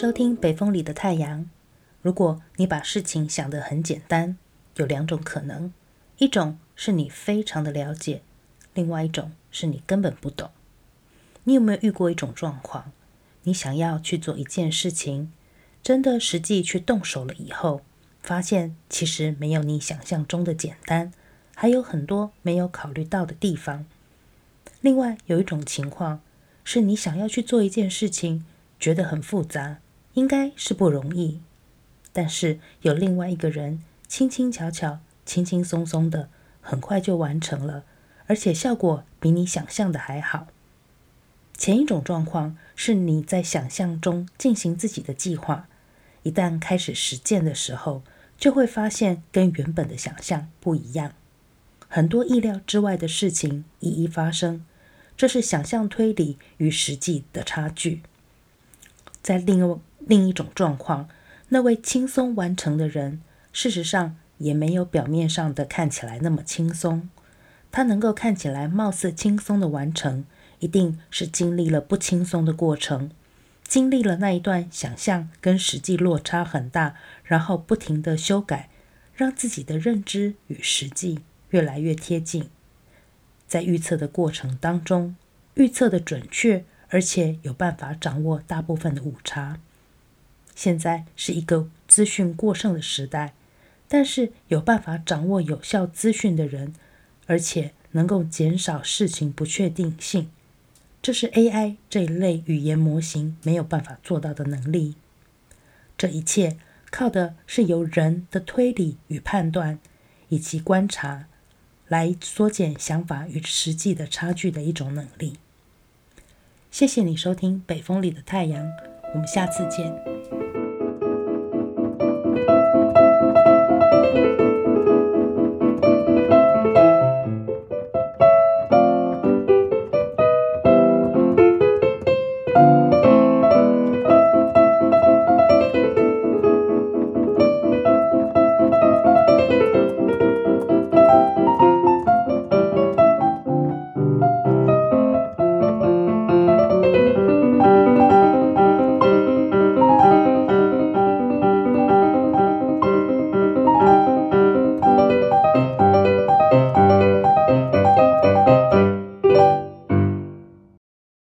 收聽北風裡的太陽。如果你把事情想得很簡單，有兩種可能：一種是你非常的了解，另外一種是你根本不懂。你有沒有遇過一種狀況？你想要去做一件事情，真的實際去動手了以後，發現其實沒有你想象中的簡單，還有很多沒有考慮到的地方。另外有一種情況，是你想要去做一件事情，覺得很複雜。應該是不容易，但是有另外一個人，輕輕巧巧、輕輕鬆鬆的，很快就完成了，而且效果比你想象的還好。前一種狀況是你在想象中進行自己的計劃，一旦開始實踐的時候，就會發現跟原本的想象不一樣，很多意料之外的事情一一發生，這是想象推理與實際的差距。在另外。另一種狀況，那位輕鬆完成的人，事實上也沒有表面上的看起來那麼輕鬆。他能夠看起來貌似輕鬆的完成，一定是經歷了不輕鬆的過程，經歷了那一段想象跟實際落差很大，然後不停的修改，讓自己的認知與實際越來越貼近。在預測的過程當中，預測的準確，而且有辦法掌握大部分的誤差。現在是一個資訊過剩的時代，但是有辦法掌握有效資訊的人，而且能夠減少事情不確定性，這是 AI 這一類語言模型沒有辦法做到的能力。這一切靠的是由人的推理與判斷，以及觀察，來縮減想法與實際的差距的一種能力。謝謝你收聽《北風裡的太陽》，我們下次見。